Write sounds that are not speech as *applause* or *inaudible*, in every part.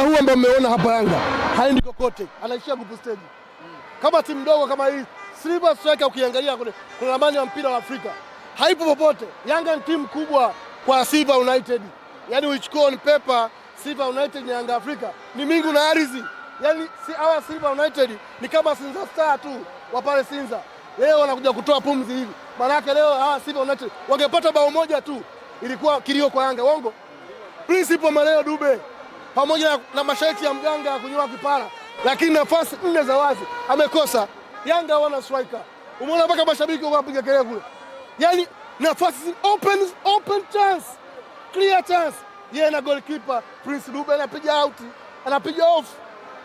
mpira huu ambao mmeona hapa Yanga haendi kokote, anaishia group stage. Kama timu ndogo kama hii Silver Strikers, ukiangalia kuna ramani ya mpira wa Afrika haipo popote. Yanga ni timu kubwa kwa Silver United, yaani uichukue on paper Silver United ni Yanga Afrika ni mingu na ardhi. Yaani si hawa Silver United ni kama Sinza Star tu wa pale Sinza, leo wanakuja kutoa pumzi hivi. Maanake leo hawa Silver United wangepata bao moja tu, ilikuwa kilio kwa Yanga. Wongo principal Maleo Dube pamoja na masharti ya mganga ya kunyoa kipara, lakini nafasi nne za wazi amekosa. Yanga wana striker, umeona mpaka mashabiki wanapiga kelele kule, yani nafasi open, open chance, clear chance yeye yeah, na goalkeeper Prince Dube anapiga out, anapiga off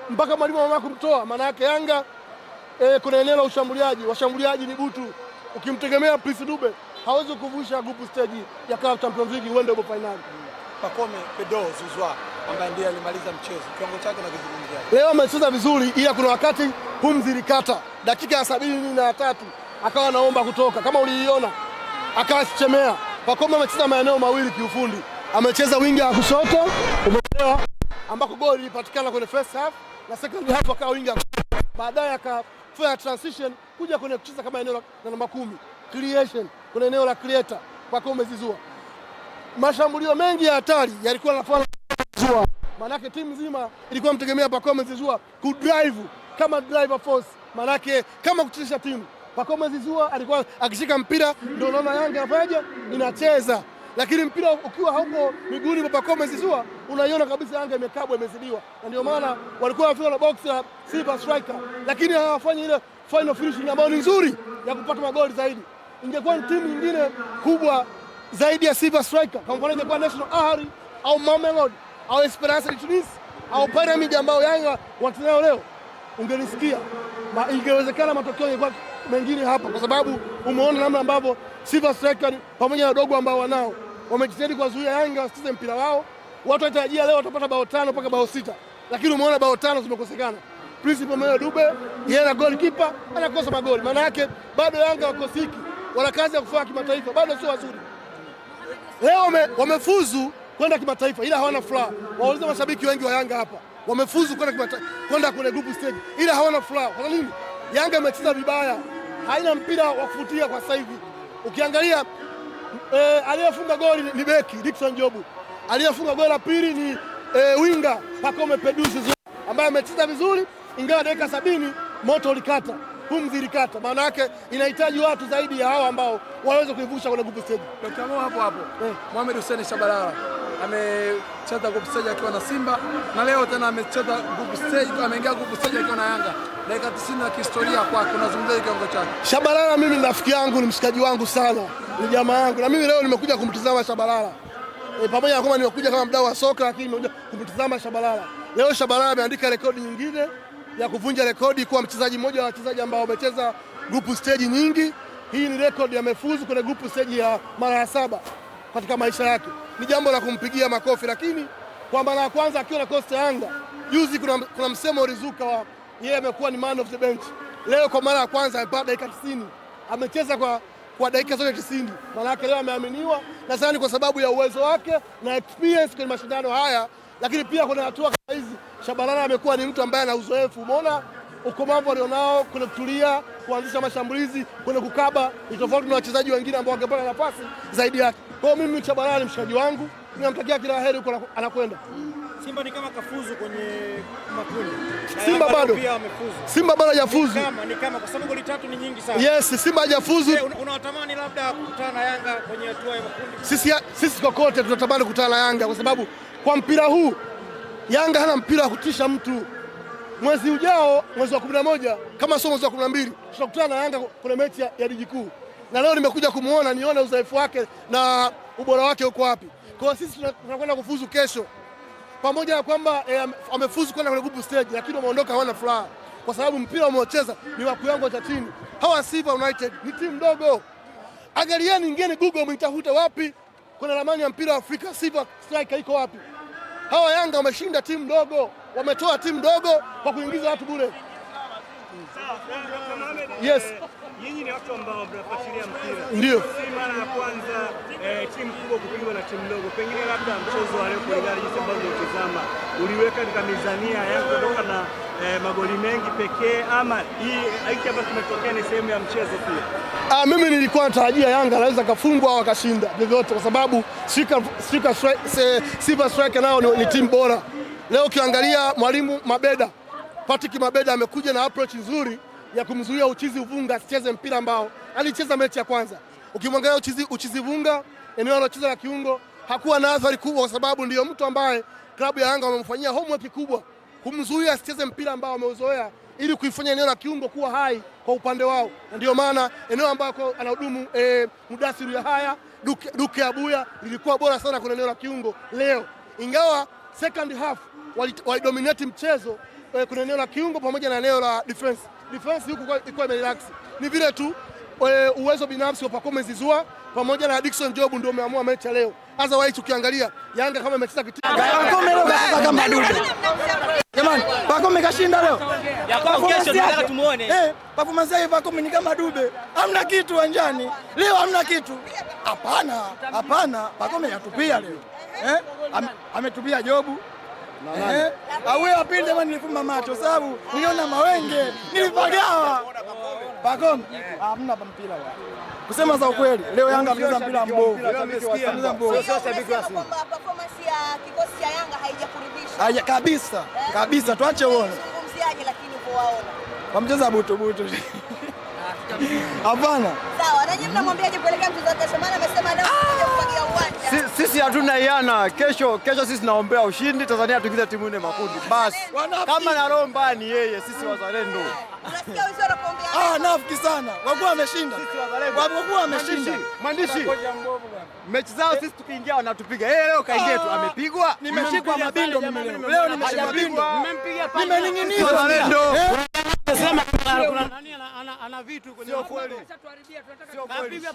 mpaka mwalimu mama kumtoa. Maana yake Yanga eh, kuna eneo la ushambuliaji, washambuliaji ni butu. Ukimtegemea Prince Dube hawezi kuvusha group stage ya CAF Champions League, uende robo finali. Pakome Pedro Zuzwa ambaye ndiye alimaliza mchezo. Kiwango chake na kizungumzia. Leo amecheza vizuri, ila kuna wakati pumzi ilikata dakika ya sabini na tatu akawa anaomba kutoka, kama uliiona, akawa sichemea. Pakome amecheza maeneo mawili kiufundi, amecheza winga ya kushoto, umeelewa, ambako goli lilipatikana kwenye first half na second half akawa winga ya kushoto, baadaye akafanya transition kuja kwenye kucheza kama eneo la namba kumi creation, kwenye eneo la creator. Pakome zizua mashambulio mengi ya hatari yalikuwa yanafanya maanake timu nzima ilikuwa mtegemea Zua ku drive kama driver force, maanake kama kuchezesha timu. Performance Zua alikuwa akishika mpira, ndio unaona Yanga inafanyaje, inacheza. Lakini mpira ukiwa hauko miguuni kwa Pacome Zouzoua, unaiona kabisa Yanga imekabwa, imezidiwa, na ndio maana walikuwa wafika na box ya Silver Striker, lakini hawafanyi ile final finishing ambayo ni nzuri ya kupata magoli zaidi. Ingekuwa ni timu nyingine kubwa zaidi ya Silver Striker, kwa mfano ingekuwa National Ahli au Mamelodi au Esperance de Tunis au Pyramid ambao Yanga watanao leo, ungenisikia ma, ingewezekana matokeo yangekuwa mengine hapa, kwa sababu umeona namna ambavyo Silver Striker pamoja na wadogo ambao wanao wamejitahidi kuwazuia Yanga wasicheze mpira wao. Watu walitarajia leo watapata bao tano mpaka bao sita, lakini umeona bao tano zimekosekana. Principal Mayo Dube yeye na goalkeeper anakosa magoli, maana yake bado Yanga wakosiki, wana kazi ya kufanya kimataifa, bado sio wazuri. Leo wamefuzu kwenda kimataifa, ila hawana furaha. Waulize mashabiki wengi wa Yanga hapa, wamefuzu kwenda kimataifa, kwenda kwenye group stage, ila hawana furaha. Kwa nini? Yanga imecheza vibaya, haina mpira wa kuvutia kwa sasa hivi. Ukiangalia e, aliyefunga goli ni beki Dickson Jobu, aliyefunga goli la pili ni e, winga Pacome Peduzi ambaye amecheza vizuri, ingawa dakika sabini moto ulikata pumzi ilikata. Maana yake inahitaji watu zaidi ya hao ambao waweze kuivusha kwenye group stage. Mo hapo hapo eh, Mohamed Hussein Shabalala amecheza group stage akiwa na Simba na leo tena amecheza group stage, ameingia group stage akiwa na Yanga. Dakika 90 na kihistoria kwake, unazungumzia kiwango chake. Shabalala, mimi ni rafiki yangu, ni mshikaji wangu sana, ni jamaa yangu, na mimi leo nimekuja kumtizama Shabalala e, pamoja na kwamba nimekuja kama mdau wa soka, lakini nimekuja kumtizama Shabalala. Leo Shabalala ameandika rekodi nyingine ya kuvunja rekodi kuwa mchezaji mmoja wa wachezaji ambao wamecheza group stage nyingi. Hii ni rekodi, amefuzu kwenye group stage ya mara ya saba katika maisha yake, ni jambo la kumpigia makofi. Lakini kwa mara ya kwanza akiwa na kosta Yanga juzi, kuna, kuna msemo ulizuka wa yeye amekuwa ni man of the bench. Leo kwa mara ya kwanza amepata dakika 90 amecheza kwa, kwa dakika zote 90. Maana yake leo ameaminiwa, nadhani kwa sababu ya uwezo wake na experience kwenye mashindano haya, lakini pia kuna hatua kama hizi. Shabalala amekuwa ni mtu ambaye ana uzoefu, umeona ukomavu alionao kwenye kutulia, kuanzisha mashambulizi, kwenye kukaba, ni tofauti na wachezaji wengine ambao wangepata nafasi zaidi yake. Kwa hiyo mimi Chabalala mshikaji wangu, ninamtakia kila heri huko anakwenda. Simba ni kama kafuzu kwenye makundi. Simba bado. Simba bado hajafuzu. Kama ni kama kwa sababu goli tatu ni nyingi sana. Yes, Simba hajafuzu. Hey, eh, unawatamani labda kukutana na Yanga kwenye hatua ya makundi? Sisi ya, sisi kokote tunatamani kukutana na Yanga kwa sababu kwa mpira huu Yanga hana mpira wa kutisha mtu. Mwezi ujao, mwezi wa 11 kama sio mwezi wa 12, tutakutana na Yanga kwenye mechi ya ligi kuu na leo nimekuja kumuona nione udhaifu wake na ubora wake uko wapi. Kwa sisi tunakwenda kufuzu kesho, pamoja na kwamba eh, wamefuzu kwenda kwenye group stage, lakini wameondoka hawana furaha, kwa sababu mpira wameocheza ni wa kiwango cha chini. Hawa Silver United ni timu ndogo. Angalieni, ingieni Google mtafute wapi kuna ramani ya mpira wa Afrika Silver striker iko wapi. Hawa Yanga wameshinda timu ndogo, wametoa timu ndogo kwa kuingiza watu bure. Yes. Nyinyi ni watu ambao mnafuatilia mpira. Ndio. Si mara ya kwanza eh, timu kubwa kupigwa na timu ndogo. Pengine labda mchezo wa leo kulingana jinsi ambavyo utazama, uliweka katika mizania ya kutoka na eh, magoli mengi pekee ama hii hiki ambacho kimetokea ni sehemu ya mchezo pia? Ah, mimi nilikuwa natarajia Yanga anaweza kafungwa au akashinda vyovyote, kwa sababu Silver Strike nao ni, ni timu bora. Leo ukiangalia mwalimu Mabeda, Patrick Mabeda amekuja na approach nzuri ya kumzuia Uchizi Vunga asicheze mpira ambao alicheza mechi ya kwanza. Ukimwangalia Uchizi, Uchizi Vunga eneo alocheza la kiungo hakuwa na athari kubwa, kwa sababu ndiyo mtu ambaye klabu ya Yanga wamemfanyia homework kubwa kumzuia asicheze mpira ambao ameuzoea ili kuifanya eneo la kiungo kuwa hai kwa upande wao, na ndio maana eneo ambako anahudumu e, Mudasiru ya haya Duke, Duke Abuya lilikuwa bora sana kwenye eneo la kiungo leo, ingawa second half walidominate wali mchezo eh, kuna eneo la kiungo pamoja na eneo la defense. Defense huku ilikuwa imerelax, ni vile tu eh, uwezo binafsi wa Pacome Zouzoua pamoja na Dickson Job ndio umeamua mechi leo. Otherwise ukiangalia Yanga kama imecheza kitendo. Pacome leo Jamani, Pacome kashinda leo. Yakobo kesho tunataka tumuone. Eh, performance yake Pacome ni kama dube. Hamna kitu uwanjani. Leo hamna kitu. Hapana, hapana. Pacome yatupia leo. Eh? Ametupia Jobu. Au ya eh? ah, pili jamani, nilifumba macho sababu niliona mawenge nilipagawa. Pacome ah, hamna mpira wa Kusema za ukweli, leo Yanga amecheza mpira mbovu. Performance ya kikosi cha Yanga haijakuridhisha. Kabisa, eh? kabisa tuache uone. Mzungumziaje lakini ukowaona. Wamcheza butubutu *laughs* Hapana. Sawa, na nyinyi mnamwambiaje kuelekea mchezo wa kesho? Maana amesema leo ah! sisi hatuna yana Kesho kesho sisi naombea ushindi, Tanzania tuingize timu nne makundi basi. Kama na Nalomba ni yeye, sisi wazalendo. Ah, nafiki sana wakuwa wameshinda, wakuwa ameshinda. Mwandishi, mechi zao eh? sisi tukiingia wanatupiga. Yeye eh, leo kaingia tu ah, amepigwa, nimeshikwa mabindo mimi leo. nimeshikwa mabindo, nimening'inizwa wazalendo eh? kuna nani ana vitu kwenye kweli,